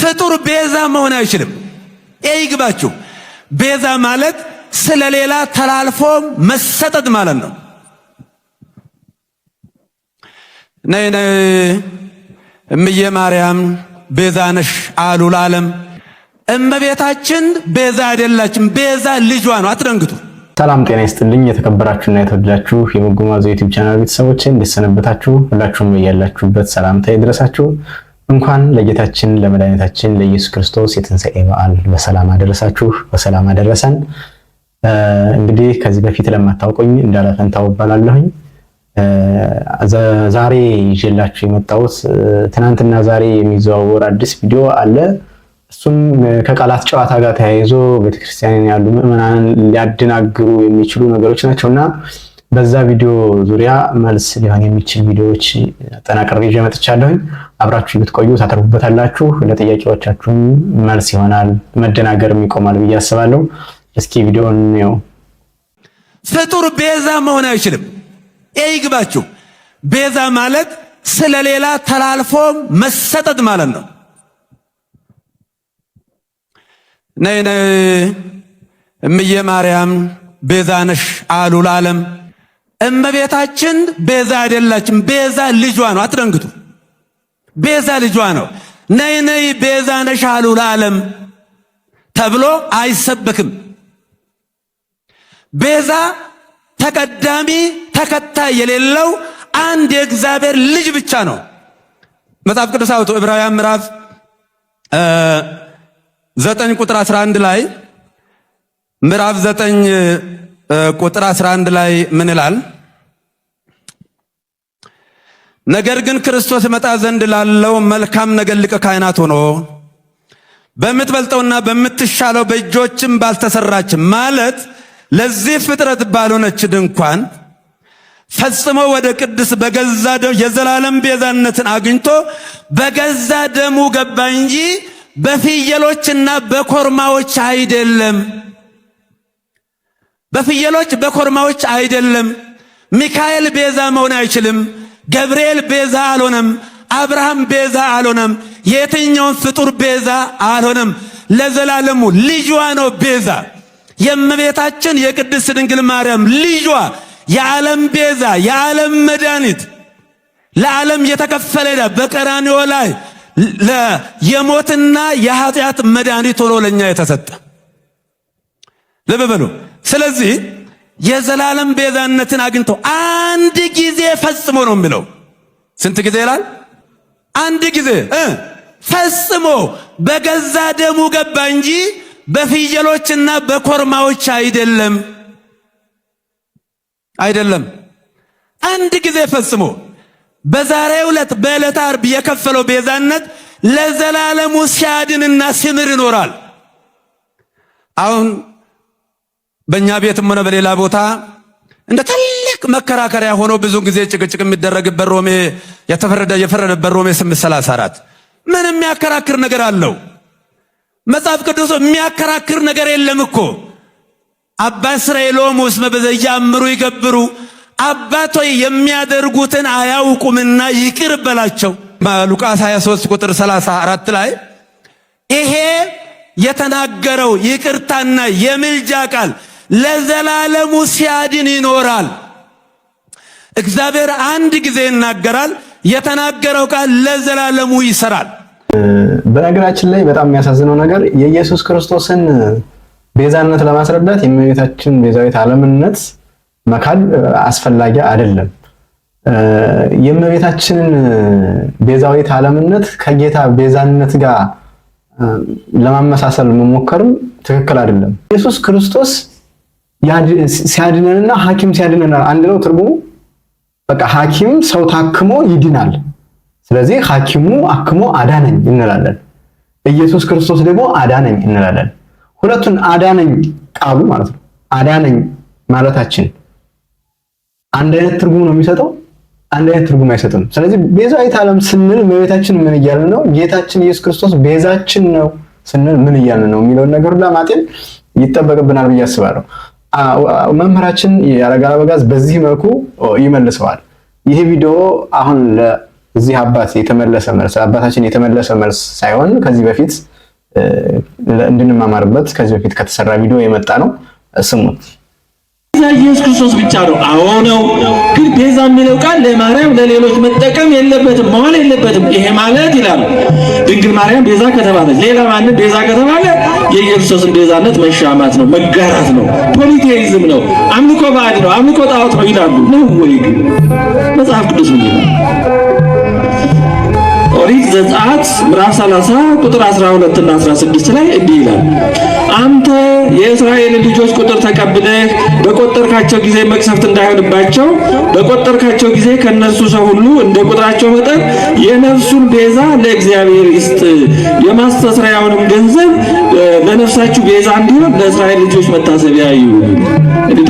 ፍጡር ቤዛ መሆን አይችልም። ይህ ይግባችሁ። ቤዛ ማለት ስለሌላ ተላልፎ መሰጠት ማለት ነው። ነይ ነይ እምየ ማርያም ቤዛ ነሽ አሉ ለዓለም። እመቤታችን ቤዛ አይደላችም፣ ቤዛ ልጇ ነው። አትደንግጡ። ሰላም ጤና ይስጥልኝ። የተከበራችሁና የተወደዳችሁ የመጎማዘ ዩቲዩብ ቻናል ቤተሰቦች እንደሰነበታችሁ፣ ሁላችሁም እያላችሁበት ሰላምታ ይድረሳችሁ። እንኳን ለጌታችን ለመድኃኒታችን ለኢየሱስ ክርስቶስ የትንሣኤ በዓል በሰላም አደረሳችሁ፣ በሰላም አደረሰን። እንግዲህ ከዚህ በፊት ለማታውቁኝ እንዳለፈንታው እባላለሁኝ። ዛሬ ይዤላችሁ የመጣሁት ትናንትና ዛሬ የሚዘዋወር አዲስ ቪዲዮ አለ። እሱም ከቃላት ጨዋታ ጋር ተያይዞ ቤተክርስቲያንን ያሉ ምዕመናንን ሊያደናግሩ የሚችሉ ነገሮች እና በዛ ቪዲዮ ዙሪያ መልስ ሊሆን የሚችል ቪዲዮዎች አጠናቅሬ ይዤ መጥቻለሁኝ። አብራችሁ ብትቆዩ ታተርፉበታላችሁ። ለጥያቄዎቻችሁም መልስ ይሆናል፣ መደናገርም ይቆማል ብዬ አስባለሁ። እስኪ ቪዲዮን ው ፍጡር ቤዛ መሆን አይችልም። ይህ ይግባችሁ። ቤዛ ማለት ስለሌላ ተላልፎ መሰጠት ማለት ነው። ነይ ነይ እምዬ ማርያም ቤዛ ነሽ አሉ ለዓለም። እመቤታችን ቤዛ አይደላችም ቤዛ ልጇ ነው። አትደንግቱ። ቤዛ ልጇ ነው። ነይ ነይ ቤዛ ነሽ ለዓለም ተብሎ አይሰበክም። ቤዛ ተቀዳሚ ተከታይ የሌለው አንድ የእግዚአብሔር ልጅ ብቻ ነው። መጽሐፍ ቅዱስ አውቶ ዕብራውያን ምዕራፍ ዘጠኝ ቁጥር 11 ላይ ምዕራፍ ዘጠኝ ቁጥር 11 ላይ ምን ይላል? ነገር ግን ክርስቶስ መጣ ዘንድ ላለው መልካም ነገር ሊቀ ካህናት ሆኖ በምትበልጠውና በምትሻለው በእጆችም ባልተሰራች ማለት ለዚህ ፍጥረት ባልሆነች ድንኳን ፈጽሞ ወደ ቅድስ በገዛ ደም የዘላለም ቤዛነትን አግኝቶ በገዛ ደሙ ገባ እንጂ በፍየሎችና በኮርማዎች አይደለም። በፍየሎች በኮርማዎች አይደለም። ሚካኤል ቤዛ መሆን አይችልም። ገብርኤል ቤዛ አልሆነም። አብርሃም ቤዛ አልሆነም። የትኛውን ፍጡር ቤዛ አልሆነም። ለዘላለሙ ልጇ ነው ቤዛ። የእመቤታችን የቅድስት ድንግል ማርያም ልጇ የዓለም ቤዛ፣ የዓለም መድኃኒት ለዓለም የተከፈለ ዕዳ በቀራንዮ ላይ የሞትና የኃጢአት መድኃኒት ሆኖ ለእኛ የተሰጠ ልብ በሉ። ስለዚህ የዘላለም ቤዛነትን አግኝቶ አንድ ጊዜ ፈጽሞ ነው የሚለው። ስንት ጊዜ ይላል? አንድ ጊዜ ፈጽሞ በገዛ ደሙ ገባ እንጂ በፍየሎችና በኮርማዎች አይደለም፣ አይደለም። አንድ ጊዜ ፈጽሞ በዛሬ ዕለት በእለት አርብ የከፈለው ቤዛነት ለዘላለሙ ሲያድንና ሲምር ይኖራል። አሁን በእኛ ቤትም ሆነ በሌላ ቦታ እንደ ትልቅ መከራከሪያ ሆኖ ብዙ ጊዜ ጭቅጭቅ የሚደረግበት ሮሜ የተፈረደ የፈረደበት ሮሜ 834 ምን የሚያከራክር ነገር አለው? መጽሐፍ ቅዱስ የሚያከራክር ነገር የለም እኮ። አባ እስራኤሎም ውስጥ በዘያምሩ ይገብሩ አባቶይ የሚያደርጉትን አያውቁምና ይቅር በላቸው። ሉቃስ 23 ቁጥር 34 ላይ ይሄ የተናገረው ይቅርታና የምልጃ ቃል ለዘላለሙ ሲያድን ይኖራል። እግዚአብሔር አንድ ጊዜ ይናገራል። የተናገረው ቃል ለዘላለሙ ይሰራል። በነገራችን ላይ በጣም የሚያሳዝነው ነገር የኢየሱስ ክርስቶስን ቤዛነት ለማስረዳት የእመቤታችን ቤዛዊት ዓለምነት መካድ አስፈላጊ አይደለም። የእመቤታችንን ቤዛዊት ዓለምነት ከጌታ ቤዛነት ጋር ለማመሳሰል መሞከርም ትክክል አይደለም። ኢየሱስ ክርስቶስ ሲያድነንና ሐኪም ሲያድነናል አንድ ነው ትርጉሙ። በቃ ሐኪም ሰው ታክሞ ይድናል። ስለዚህ ሐኪሙ አክሞ አዳነኝ እንላለን። ኢየሱስ ክርስቶስ ደግሞ አዳነኝ እንላለን። ሁለቱን አዳነኝ ቃሉ ማለት ነው። አዳነኝ ማለታችን አንድ አይነት ትርጉም ነው የሚሰጠው፣ አንድ አይነት ትርጉም አይሰጥም። ስለዚህ ቤዛዊት ዓለም ስንል መቤታችን ምን እያልን ነው? ጌታችን ኢየሱስ ክርስቶስ ቤዛችን ነው ስንል ምን እያልን ነው የሚለውን ነገር ሁላ ይጠበቅብናል ብዬ አስባለሁ። መምህራችን ያረጋል አበጋዝ በዚህ መልኩ ይመልሰዋል። ይህ ቪዲዮ አሁን ለዚህ አባት የተመለሰ መልስ አባታችን የተመለሰ መልስ ሳይሆን ከዚህ በፊት እንድንማማርበት ከዚህ በፊት ከተሰራ ቪዲዮ የመጣ ነው። ስሙት። ቤዛ ኢየሱስ ክርስቶስ ብቻ ነው። አዎ ነው። ግን ቤዛ የሚለው ቃል ለማርያም ለሌሎች መጠቀም የለበትም መዋል የለበትም። ይሄ ማለት ይላሉ ድንግል ማርያም ቤዛ ከተባለች ሌላ ማንም ቤዛ ከተባለ የኢየሱስን ቤዛነት መሻማት ነው፣ መጋራት ነው፣ ፖሊቴይዝም ነው፣ አምልኮ ባዕድ ነው፣ አምልኮ ጣዖት ነው ይላሉ። ነው ወይ ግን መጽሐፍ ቅዱስ ምን ይላል? ኦሪት ዘጸአት ምዕራፍ 30 ቁጥር 12 እና 16 ላይ እንዲህ ይላል አንተ የእስራኤልን ልጆች ቁጥር ተቀብለህ በቆጠርካቸው ጊዜ መቅሰፍት እንዳይሆንባቸው በቆጠርካቸው ጊዜ ከእነርሱ ሰው ሁሉ እንደ ቁጥራቸው መጠን የነፍሱን ቤዛ ለእግዚአብሔር ይስጥ። የማስተስሪያውንም ገንዘብ ለነፍሳችሁ ቤዛ እንዲሆን ለእስራኤል ልጆች መታሰቢያ ይሁን።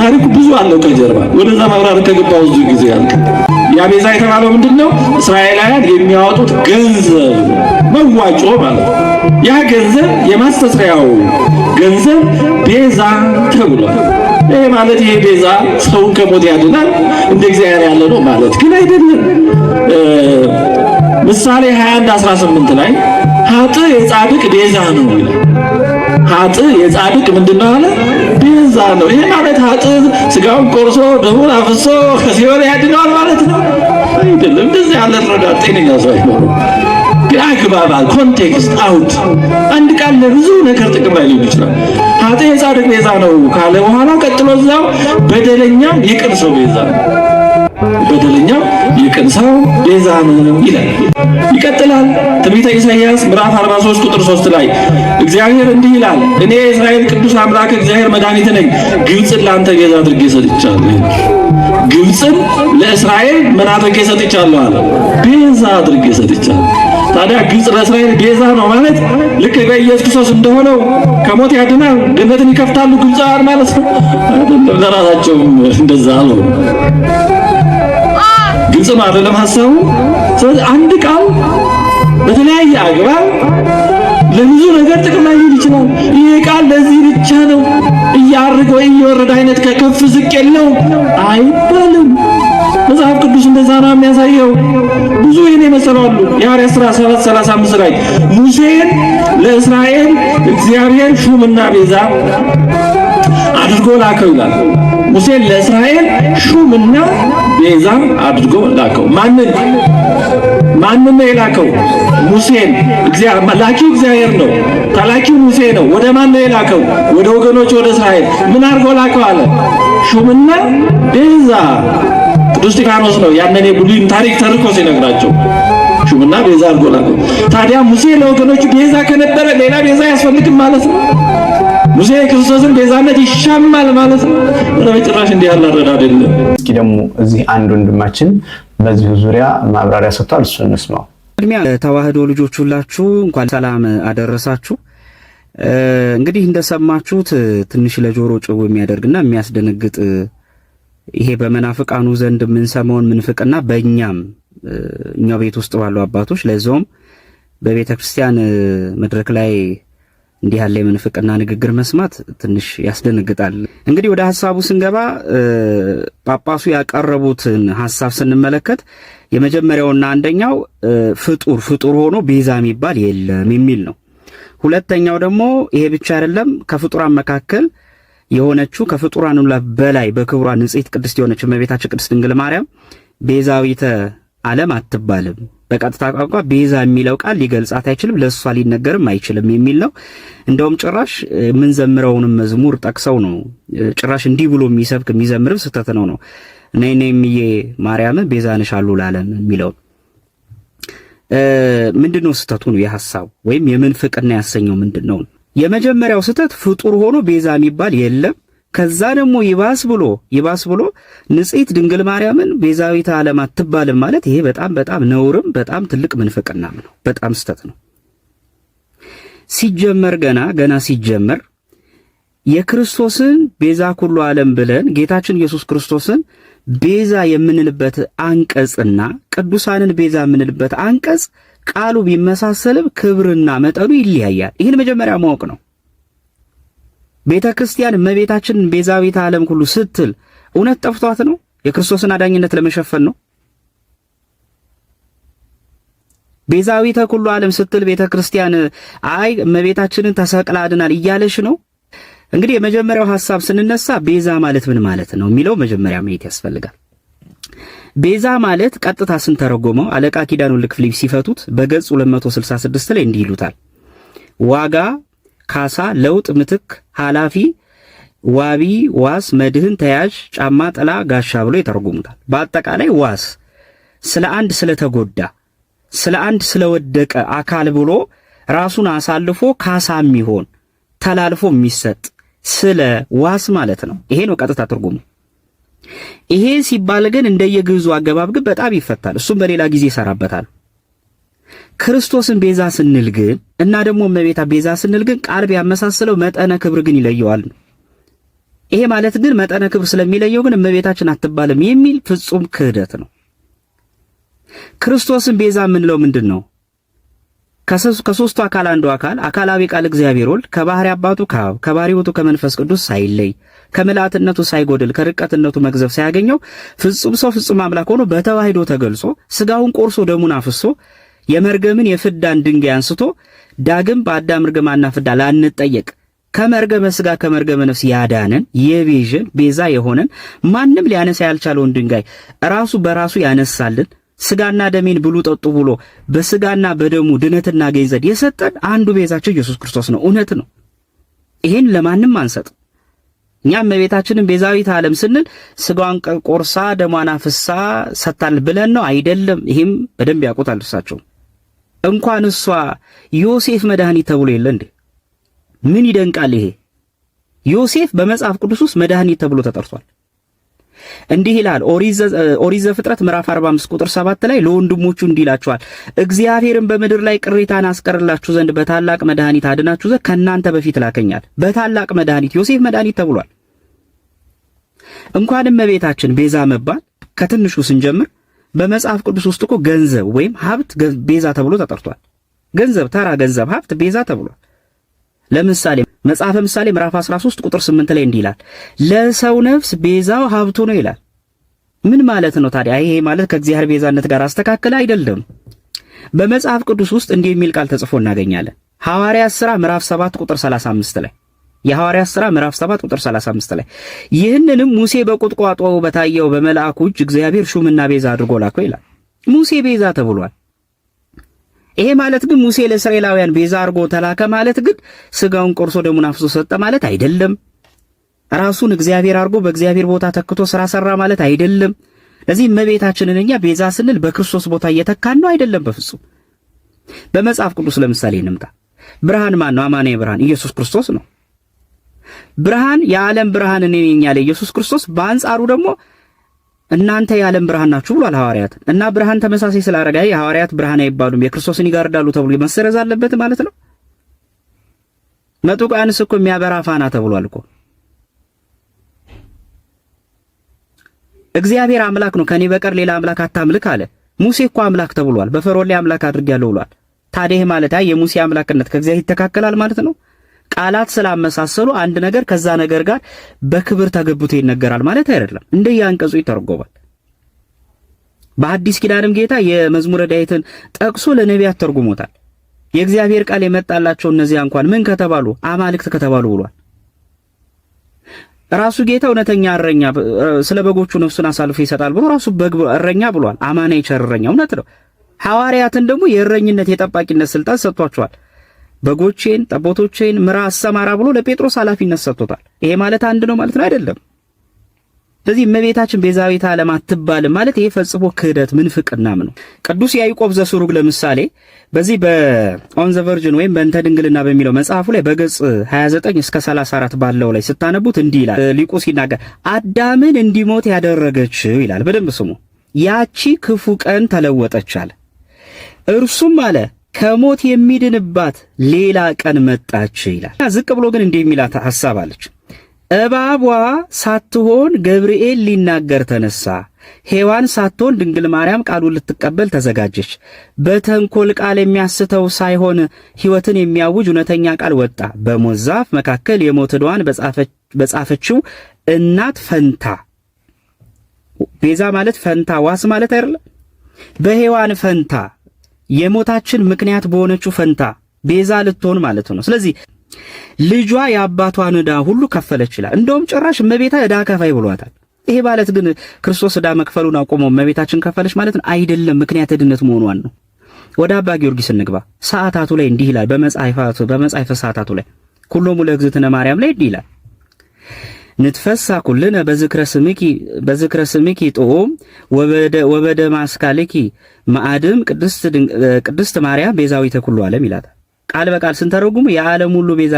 ታሪኩ ብዙ አለው ከጀርባ ወደዛ ማብራር ከገባ ብዙ ጊዜ ያልቅ ያ ቤዛ የተባለው ምንድን ነው? እስራኤላውያን የሚያወጡት ገንዘብ መዋጮ ማለት ነው። ያ ገንዘብ የማስተስሪያው ገንዘብ ቤዛ ተብሏል። ይህ ማለት ይሄ ቤዛ ሰውን ከሞት ያድናል እንደ እግዚአብሔር ያለ ነው ማለት ግን አይደለም። ምሳሌ 21 18 ላይ ሀጥ የጻድቅ ቤዛ ነው ይላል። ሀጥ የጻድቅ ምንድነው አለ ቤዛ ነው። ይሄ ማለት ሀጥ ስጋውን ቆርሶ ደሙን አፍሶ ከሲኦል ያድነዋል ማለት ነው አይደለም። እንደዚህ ያለ ረዳት ጤነኛ ሰው አይኖርም። ያግባባል። ኮንቴክስት አውት አንድ ቃል ለብዙ ነገር ጥቅም ላይ ሊውል ይችላል። ኃጤ ጻድቅ ቤዛ ነው ካለ በኋላ ቀጥሎ እዛው በደለኛ ይቅር ሰው ቤዛ በደለኛ ይቅር ሰው ቤዛ ነው ይላል። ይቀጥላል። ትንቢተ ኢሳይያስ ምዕራፍ 43 ቁጥር 3 ላይ እግዚአብሔር እንዲህ ይላል፣ እኔ የእስራኤል ቅዱስ አምላክ እግዚአብሔር መድኃኒት ነኝ፣ ግብፅን ለአንተ ቤዛ አድርጌ ሰጥቻለሁ። ግብፅን ለእስራኤል ምን አድርጌ ሰጥቻለሁ አለ ቤዛ አድርጌ ሰጥቻለሁ። ታዲያ ግብፅ ለእስራኤል ቤዛ ነው ማለት ልክ በኢየሱስ ክርስቶስ እንደሆነው ከሞት ያድናል፣ ገነትን ይከፍታሉ ግብፃውያን ማለት ነው። ለራሳቸውም እንደዛ ነው። ግብፅ አይደለም ሀሳቡ። ስለዚህ አንድ ቃል በተለያየ አግባብ ለብዙ ነገር ጥቅም ላይ ይችላል። ይሄ ቃል ለዚህ ብቻ ነው እያርገ እየወረደ አይነት ከከፍ ዝቅ የለው አይባልም። መጽሐፍ ቅዱስ እንደዛ ነው የሚያሳየው። ብዙ ይህን የመሰሉ አሉ። የሐዋርያት ሥራ 7 35 ላይ ሙሴን ለእስራኤል እግዚአብሔር ሹምና ቤዛ አድርጎ ላከው ይላል። ሙሴን ለእስራኤል ሹምና ቤዛ አድርጎ ላከው ማንን ማንን ነው የላከው? ሙሴን። ላኪው እግዚአብሔር ነው፣ ተላኪው ሙሴ ነው። ወደ ማን ነው የላከው? ወደ ወገኖች፣ ወደ እስራኤል። ምን አድርጎ ላከው አለ? ሹምና ቤዛ። ቅዱስ እስጢፋኖስ ነው ያንን የብሉይን ታሪክ ተርኮ ሲነግራቸው ሹምና ቤዛ አድርጎ ላከው። ታዲያ ሙሴ ለወገኖቹ ቤዛ ከነበረ ሌላ ቤዛ አያስፈልግም ማለት ነው? ሙሴ የክርስቶስን ቤዛነት ይሻማል ማለት ነው? ኧረ በጭራሽ እንዲህ ያለ እስኪ ደግሞ እዚህ አንድ ወንድማችን በዚሁ ዙሪያ ማብራሪያ ሰጥቷል። እሱ እንስማው። ቅድሚያ ተዋህዶ ልጆች ሁላችሁ እንኳን ሰላም አደረሳችሁ። እንግዲህ እንደሰማችሁት ትንሽ ለጆሮ ጭው የሚያደርግና የሚያስደነግጥ ይሄ በመናፍቃኑ ዘንድ የምንሰማውን ምንፍቅና በእኛም እኛው ቤት ውስጥ ባሉ አባቶች ለዚውም በቤተ ክርስቲያን መድረክ ላይ እንዲህ ያለ የምንፍቅና ንግግር መስማት ትንሽ ያስደነግጣል። እንግዲህ ወደ ሀሳቡ ስንገባ ጳጳሱ ያቀረቡትን ሀሳብ ስንመለከት የመጀመሪያውና አንደኛው ፍጡር ፍጡር ሆኖ ቤዛ የሚባል የለም የሚል ነው። ሁለተኛው ደግሞ ይሄ ብቻ አይደለም፣ ከፍጡራን መካከል የሆነችው ከፍጡራን ሁሉ በላይ በክብሯ ንጽሕት ቅድስት የሆነችው እመቤታችን ቅድስት ድንግል ማርያም ቤዛዊተ ዓለም አትባልም በቀጥታ ቋንቋ ቤዛ የሚለው ቃል ሊገልጻት አይችልም፣ ለእሷ ሊነገርም አይችልም የሚል ነው። እንደውም ጭራሽ የምንዘምረውንም መዝሙር ጠቅሰው ነው ጭራሽ እንዲህ ብሎ የሚሰብክ የሚዘምርም ስህተት ነው ነው ነይ ነይ እምዬ ማርያም ቤዛ ነሽ አሉ ላለን የሚለው ምንድን ነው ስህተቱ? ነው የሐሳቡ ወይም የምንፍቅና ያሰኘው ምንድን ነው? የመጀመሪያው ስህተት ፍጡር ሆኖ ቤዛ የሚባል የለም ከዛ ደግሞ ይባስ ብሎ ይባስ ብሎ ንጽሕት ድንግል ማርያምን ቤዛዊተ ዓለም አትባልም ማለት ይሄ በጣም በጣም ነውርም በጣም ትልቅ ምንፍቅናም ነው፣ በጣም ስተት ነው። ሲጀመር ገና ገና ሲጀመር የክርስቶስን ቤዛ ኩሉ ዓለም ብለን ጌታችን ኢየሱስ ክርስቶስን ቤዛ የምንልበት አንቀጽና ቅዱሳንን ቤዛ የምንልበት አንቀጽ ቃሉ ቢመሳሰልም ክብርና መጠኑ ይለያያል። ይህን መጀመሪያ ማወቅ ነው። ቤተ ክርስቲያን እመቤታችን ቤዛ ቤተ ዓለም ሁሉ ስትል እውነት ጠፍቷት ነው? የክርስቶስን አዳኝነት ለመሸፈን ነው? ቤዛዊተ ኩሉ ዓለም ስትል ቤተ ክርስቲያን አይ እመቤታችንን ተሰቅላ አድናል እያለሽ ነው? እንግዲህ የመጀመሪያው ሐሳብ ስንነሳ ቤዛ ማለት ምን ማለት ነው የሚለው መጀመሪያ ማየት ያስፈልጋል። ቤዛ ማለት ቀጥታ ስንተረጎመው አለቃ ኪዳኑ ወልድ ሲፈቱት በገጽ 266 ላይ እንዲህ ይሉታል ዋጋ ካሳ፣ ለውጥ፣ ምትክ፣ ኃላፊ፣ ዋቢ፣ ዋስ፣ መድህን፣ ተያዥ፣ ጫማ፣ ጥላ፣ ጋሻ ብሎ ይተረጉሙታል። በአጠቃላይ ዋስ ስለ አንድ ስለተጎዳ ስለ አንድ ስለወደቀ አካል ብሎ ራሱን አሳልፎ ካሳ የሚሆን ተላልፎ የሚሰጥ ስለ ዋስ ማለት ነው። ይሄ ነው ቀጥታ ትርጉሙ። ይሄ ሲባል ግን እንደየግዙ አገባብ ግን በጣም ይፈታል። እሱም በሌላ ጊዜ ይሰራበታል። ክርስቶስን ቤዛ ስንል ግን እና ደግሞ እመቤታ ቤዛ ስንል ግን ቃል ቢያመሳስለው መጠነ ክብር ግን ይለየዋል ይሄ ማለት ግን መጠነ ክብር ስለሚለየው ግን እመቤታችን አትባልም የሚል ፍጹም ክህደት ነው። ክርስቶስን ቤዛ የምንለው ምንድን ነው? ከሶስቱ አካል አንዱ አካል አካላዊ ቃል እግዚአብሔር ወልድ ከባህሪ አባቱ ከአብ ከባህሪ ውእቱ ከመንፈስ ቅዱስ ሳይለይ ከምልአትነቱ ሳይጎድል ከርቀትነቱ መግዘፍ ሳያገኘው ፍጹም ሰው ፍጹም አምላክ ሆኖ በተዋህዶ ተገልጾ ስጋውን ቆርሶ ደሙን አፍሶ የመርገምን የፍዳን ድንጋይ አንስቶ ዳግም በአዳም እርግማና ፍዳ ላንጠየቅ ከመርገመ ስጋ ከመርገመ ነፍስ ያዳነን የቤዥን ቤዛ የሆነን ማንም ሊያነሳ ያልቻለውን ድንጋይ ራሱ በራሱ ያነሳልን ስጋና ደሜን ብሉ ጠጡ ብሎ በስጋና በደሙ ድነትና እናገኝ የሰጠን አንዱ ቤዛችን ኢየሱስ ክርስቶስ ነው። እውነት ነው። ይሄን ለማንም አንሰጥ። እኛም እመቤታችንን ቤዛዊት ዓለም ስንል ስጋዋን ቆርሳ ደሟን አፍሳ ሰጥታል ብለን ነው አይደለም። ይህም በደንብ ያውቁታል እሳቸው። እንኳን እሷ ዮሴፍ መድኃኒት ተብሎ የለ እንዴ? ምን ይደንቃል ይሄ? ዮሴፍ በመጽሐፍ ቅዱስ ውስጥ መድኃኒት ተብሎ ተጠርቷል። እንዲህ ይላል ኦሪት ዘፍጥረት ምዕራፍ 45 ቁጥር 7 ላይ ለወንድሞቹ እንዲህ ይላቸዋል፣ እግዚአብሔርን በምድር ላይ ቅሬታን አስቀርላችሁ ዘንድ በታላቅ መድኃኒት አድናችሁ ዘንድ ከእናንተ በፊት ላከኛል። በታላቅ መድኃኒት ዮሴፍ መድኃኒት ተብሏል። እንኳንም እመቤታችን ቤዛ መባል ከትንሹ ስንጀምር በመጽሐፍ ቅዱስ ውስጥ እኮ ገንዘብ ወይም ሀብት ቤዛ ተብሎ ተጠርቷል። ገንዘብ ተራ ገንዘብ ሀብት ቤዛ ተብሏል። ለምሳሌ መጽሐፈ ምሳሌ ምዕራፍ 13 ቁጥር 8 ላይ እንዲህ ይላል፣ ለሰው ነፍስ ቤዛው ሀብቱ ነው ይላል። ምን ማለት ነው ታዲያ? ይሄ ማለት ከእግዚአብሔር ቤዛነት ጋር አስተካከለ አይደለም። በመጽሐፍ ቅዱስ ውስጥ እንዲህ የሚል ቃል ተጽፎ እናገኛለን። ሐዋርያ ሥራ ምዕራፍ 7 ቁጥር 35 ላይ የሐዋርያት ሥራ ምዕራፍ 7 ቁጥር 35 ላይ ይህንንም ሙሴ በቁጥቋጦ በታየው በመልአኩ እጅ እግዚአብሔር ሹምና ቤዛ አድርጎ ላከው ይላል። ሙሴ ቤዛ ተብሏል። ይሄ ማለት ግን ሙሴ ለእስራኤላውያን ቤዛ አድርጎ ተላከ ማለት ግን ስጋውን ቆርሶ ደሙን አፍሶ ሰጠ ማለት አይደለም። ራሱን እግዚአብሔር አድርጎ በእግዚአብሔር ቦታ ተክቶ ስራ ሰራ ማለት አይደለም። ለዚህ እመቤታችንን እኛ ቤዛ ስንል በክርስቶስ ቦታ እየተካን ነው አይደለም፣ በፍጹም በመጽሐፍ ቅዱስ ለምሳሌ እንምጣ። ብርሃን ማን ነው? አማኔ ብርሃን ኢየሱስ ክርስቶስ ነው። ብርሃን የዓለም ብርሃን እኔ ነኝ ያለ ኢየሱስ ክርስቶስ በአንጻሩ ደግሞ እናንተ የዓለም ብርሃን ናችሁ ብሏል ሐዋርያት እና ብርሃን ተመሳሳይ ስላረጋ የሐዋርያት ብርሃን አይባሉም የክርስቶስን ይጋርዳሉ ተብሎ መሰረዝ አለበት ማለት ነው። መጥቁቃንስ እኮ የሚያበራ ፋና ተብሏል እኮ እግዚአብሔር አምላክ ነው ከኔ በቀር ሌላ አምላክ አታምልክ አለ። ሙሴ እኮ አምላክ ተብሏል። በፈሮን ላይ አምላክ አድርጌያለሁ ብሏል። ታዲያ ማለት አይ የሙሴ አምላክነት ከእግዚአብሔር ይተካከላል ማለት ነው። ቃላት ስላመሳሰሉ አንድ ነገር ከዛ ነገር ጋር በክብር ተገብቶ ይነገራል ማለት አይደለም። እንደ ያንቀጹ ይተረጎማል። በአዲስ ኪዳንም ጌታ የመዝሙረ ዳዊትን ጠቅሶ ለነቢያት ተርጉሞታል። የእግዚአብሔር ቃል የመጣላቸው እነዚያ እንኳን ምን ከተባሉ አማልክት ከተባሉ ብሏል። ራሱ ጌታ እውነተኛ እረኛ ስለ በጎቹ ነፍሱን አሳልፎ ይሰጣል ብሎ ራሱ በግ እረኛ ብሏል። አማና ቸር እረኛ እውነት ነው። ሐዋርያትን ደግሞ የእረኝነት የጠባቂነት ስልጣን ሰጥቷቸዋል። በጎቼን ጠቦቶቼን ምራ አሰማራ ብሎ ለጴጥሮስ ኃላፊነት ሰጥቶታል። ይሄ ማለት አንድ ነው ማለት ነው አይደለም። ስለዚህ እመቤታችን ቤዛዊተ ዓለም አትባልም ማለት ይሄ ፈጽሞ ክህደት ምንፍቅናም ነው። ቅዱስ ያዕቆብ ዘሱሩግ ለምሳሌ በዚህ በኦን ዘ ቨርጅን ወይም በእንተ ድንግልና በሚለው መጽሐፉ ላይ በገጽ 29 እስከ 34 ባለው ላይ ስታነቡት እንዲህ ይላል ሊቁ ሲናገር አዳምን እንዲሞት ያደረገችው ይላል። በደንብ ስሙ። ያቺ ክፉ ቀን ተለወጠች አለ እርሱም አለ ከሞት የሚድንባት ሌላ ቀን መጣች ይላል። ዝቅ ብሎ ግን እንዲህ የሚላት ሐሳብ አለች። እባቧ ሳትሆን ገብርኤል ሊናገር ተነሳ። ሔዋን ሳትሆን ድንግል ማርያም ቃሉን ልትቀበል ተዘጋጀች። በተንኮል ቃል የሚያስተው ሳይሆን ሕይወትን የሚያውጅ እውነተኛ ቃል ወጣ። በሞት ዛፍ መካከል የሞት ዕዳዋን በጻፈችው እናት ፈንታ ቤዛ ማለት ፈንታ ዋስ ማለት አይደለም። በሔዋን ፈንታ የሞታችን ምክንያት በሆነችው ፈንታ ቤዛ ልትሆን ማለት ነው። ስለዚህ ልጇ የአባቷን ዕዳ ሁሉ ከፈለች ይላል። እንደውም ጭራሽ እመቤታ ዕዳ ከፋይ ብሏታል። ይሄ ማለት ግን ክርስቶስ ዕዳ መክፈሉን አቆሞ እመቤታችን ከፈለች ማለት ነው አይደለም፣ ምክንያት ዕድነት መሆኗን ነው። ወደ አባ ጊዮርጊስ እንግባ። ሰዓታቱ ላይ እንዲህ ይላል። በመጽሐፈ ሰዓታቱ ላይ ኩሎሙ ለእግዝእትነ ማርያም ላይ እንዲህ ይላል ንትፈሳ ኩልነ በዝክረ ስምኪ ጥዑም ወበደማ ስካልኪ ማዕድም ቅድስት ማርያም ቤዛዊተ ኩሉ ዓለም ይላታል። ቃል በቃል ስንተረጉሙ የዓለም ሁሉ ቤዛ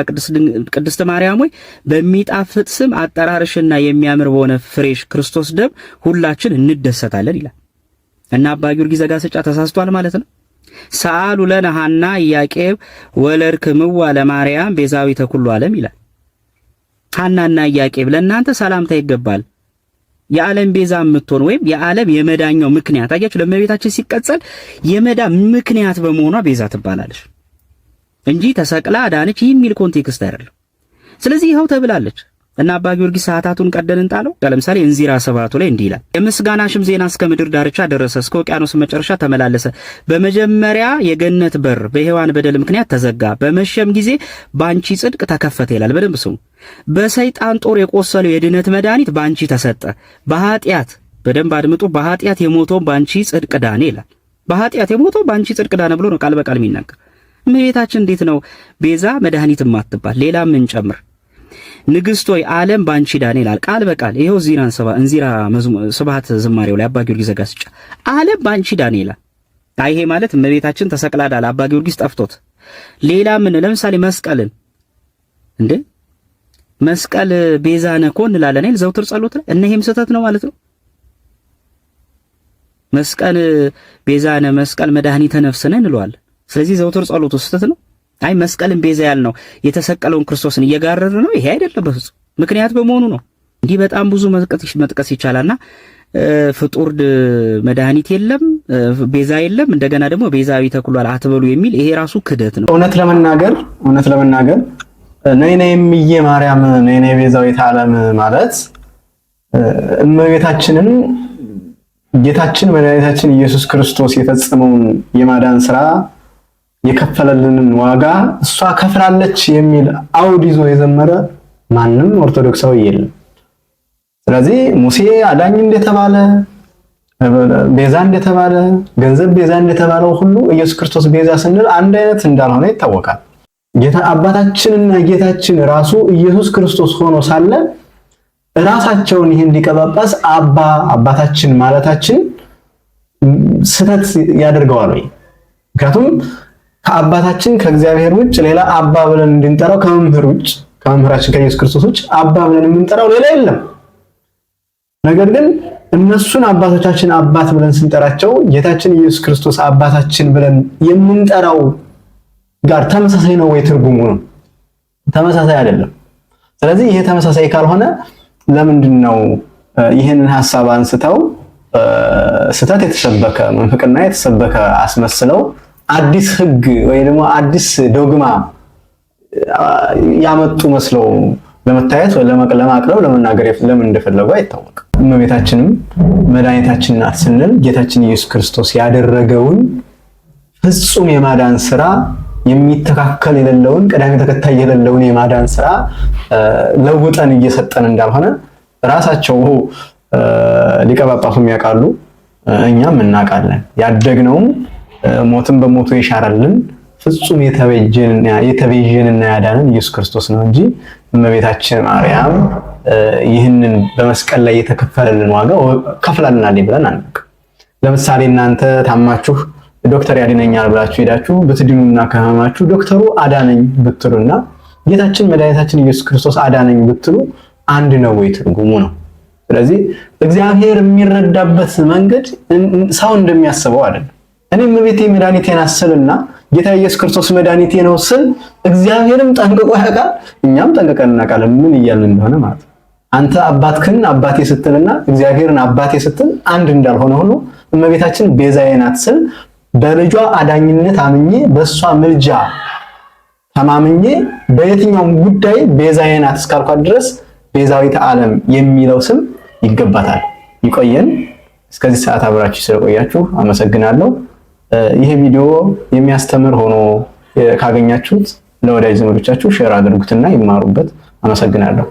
ቅድስት ማርያም ወይ በሚጣፍጥ ስም አጠራርሽና የሚያምር በሆነ ፍሬሽ ክርስቶስ ደም ሁላችን እንደሰታለን ይላል እና አባ ጊዮርጊስ ዘጋስጫ ተሳስቷል ማለት ነው። ሰአሉ ለነ ሐና ኢያቄም ወለድክምዋ ለማርያም ቤዛዊተ ኩሉ ዓለም ይላል። ሐናና ኢያቄም ለእናንተ ሰላምታ ይገባል። የዓለም ቤዛ የምትሆን ወይም የዓለም የመዳኛው ምክንያት አያችሁ፣ ለእመቤታችን ሲቀጸል የመዳ ምክንያት በመሆኗ ቤዛ ትባላለች እንጂ ተሰቅላ አዳነች የሚል ኮንቴክስት አይደለም። ስለዚህ ይኸው ተብላለች። እና አባ ጊዮርጊስ ሰዓታቱን ቀደልን ጣለው። ለምሳሌ እንዚራ ሰባቱ ላይ እንዲህ ይላል፣ የምስጋናሽም ዜና እስከ ምድር ዳርቻ ደረሰ፣ እስከ ውቅያኖስ መጨረሻ ተመላለሰ። በመጀመሪያ የገነት በር በሔዋን በደል ምክንያት ተዘጋ፣ በመሸም ጊዜ በአንቺ ጽድቅ ተከፈተ ይላል። በደንብ ስሙ። በሰይጣን ጦር የቆሰለው የድነት መድኃኒት በአንቺ ተሰጠ፣ በኃጢአት በደንብ አድምጡ፣ በኃጢአት የሞተው በአንቺ ጽድቅ ዳነ ይላል። በኃጢአት የሞተው በአንቺ ጽድቅ ዳነ ብሎ ነው ቃል በቃል የሚናገር። እመቤታችን እንዴት ነው ቤዛ መድኃኒት ማትባል? ሌላ ምን ጨምር ንግሥት ሆይ ዓለም ባንቺ ዳን ይላል ቃል በቃል ይሄው ዚራን ሰባ እንዚራ ስብሐት ዝማሬው ላይ አባ ጊዮርጊስ ዘጋስጫ ዓለም ባንቺ ዳን ይላል። አይ ማለት እመቤታችን ተሰቅላዳል አባ ጊዮርጊስ ጠፍቶት። ሌላ ምን ለምሳሌ መስቀልን እንዴ መስቀል ቤዛ ነኮ እንላለን አይደል ዘውትር ጸሎት ላይ እነሄም ስህተት ነው ማለት ነው። መስቀል ቤዛ ቤዛነ መስቀል መድኃኒተ ነፍስነ እንለዋለን። ስለዚህ ዘውትር ጸሎቱ ስህተት ነው። አይ መስቀልን ቤዛ ያልነው የተሰቀለውን ክርስቶስን እየጋረረ ነው። ይሄ አይደለም በፍጹም ምክንያት በመሆኑ ነው። እንዲህ በጣም ብዙ መጥቀስ ይቻላልና ፍጡር መድኃኒት የለም፣ ቤዛ የለም፣ እንደገና ደግሞ ቤዛ ተኩሏል አትበሉ የሚል ይሄ ራሱ ክደት ነው። እውነት ለመናገር እውነት ለመናገር ነይና የምዬ ማርያም ነይና ነይ ቤዛዊተ ዓለም ማለት እመቤታችንን ጌታችን መድኃኒታችን ኢየሱስ ክርስቶስ የፈጸመውን የማዳን ስራ የከፈለልንን ዋጋ እሷ ከፍላለች የሚል አውድ ይዞ የዘመረ ማንም ኦርቶዶክሳዊ የለም። ስለዚህ ሙሴ አዳኝ እንደተባለ ቤዛ እንደተባለ ገንዘብ ቤዛ እንደተባለው ሁሉ ኢየሱስ ክርስቶስ ቤዛ ስንል አንድ አይነት እንዳልሆነ ይታወቃል። ጌታ አባታችንና ጌታችን ራሱ ኢየሱስ ክርስቶስ ሆኖ ሳለ ራሳቸውን ይህን ሊቀ ጳጳስ አባ አባታችን ማለታችን ስህተት ያደርገዋል ወይ? ምክንያቱም ከአባታችን ከእግዚአብሔር ውጭ ሌላ አባ ብለን እንድንጠራው ከመምህር ውጭ ከመምህራችን ከኢየሱስ ክርስቶስ ውጭ አባ ብለን የምንጠራው ሌላ የለም። ነገር ግን እነሱን አባቶቻችን አባት ብለን ስንጠራቸው ጌታችን ኢየሱስ ክርስቶስ አባታችን ብለን የምንጠራው ጋር ተመሳሳይ ነው ወይ? ትርጉሙ ነው ተመሳሳይ አይደለም። ስለዚህ ይሄ ተመሳሳይ ካልሆነ ለምንድን ነው ይህንን ሀሳብ አንስተው ስህተት የተሰበከ መንፍቅና የተሰበከ አስመስለው አዲስ ህግ ወይ ደግሞ አዲስ ዶግማ ያመጡ መስለው ለመታየት ለማቅረብ ለመናገር ለምን እንደፈለጉ አይታወቅም። እመቤታችንም መድኃኒታችን ናት ስንል ጌታችን ኢየሱስ ክርስቶስ ያደረገውን ፍጹም የማዳን ስራ የሚተካከል የሌለውን ቀዳሚ ተከታይ የሌለውን የማዳን ስራ ለውጠን እየሰጠን እንዳልሆነ ራሳቸው ሊቀ ጳጳሱም ያውቃሉ፣ እኛም እናውቃለን። ያደግነውም ሞትን በሞቱ የሻረልን ፍጹም የተቤዥንና ያዳንን ኢየሱስ ክርስቶስ ነው እንጂ እመቤታችን ማርያም ይህንን በመስቀል ላይ የተከፈለልን ዋጋ ከፍላልናል ብለን አንቅ። ለምሳሌ እናንተ ታማችሁ ዶክተር ያድነኛል ብላችሁ ሄዳችሁ ብትድኑና ከህመማችሁ ዶክተሩ አዳነኝ ብትሉና ጌታችን መድኃኒታችን ኢየሱስ ክርስቶስ አዳነኝ ብትሉ አንድ ነው ወይ? ትርጉሙ ነው። ስለዚህ እግዚአብሔር የሚረዳበት መንገድ ሰው እንደሚያስበው አይደለም። እኔ ቤቴ መድኃኒቴን አስብና ጌታ ኢየሱስ ክርስቶስ መድኃኒቴ ነው ስል እግዚአብሔርም ጠንቅቆ ያውቃል፣ እኛም ጠንቅቀን እናውቃለን ምን እያልን እንደሆነ ማለት ነው። አንተ አባትክን አባቴ ስትልና እግዚአብሔርን አባቴ ስትል አንድ እንዳልሆነ ሆኖ እመቤታችን ቤዛዬ ናት ስል በልጇ አዳኝነት አምኜ በእሷ ምልጃ ተማምኜ በየትኛውም ጉዳይ ቤዛዬ ናት እስካልኳት ድረስ ቤዛዊት ዓለም የሚለው ስም ይገባታል። ይቆየን። እስከዚህ ሰዓት አብራችሁ ስለቆያችሁ አመሰግናለሁ። ይሄ ቪዲዮ የሚያስተምር ሆኖ ካገኛችሁት ለወዳጅ ዘመዶቻችሁ ሼር አድርጉትና ይማሩበት። አመሰግናለሁ።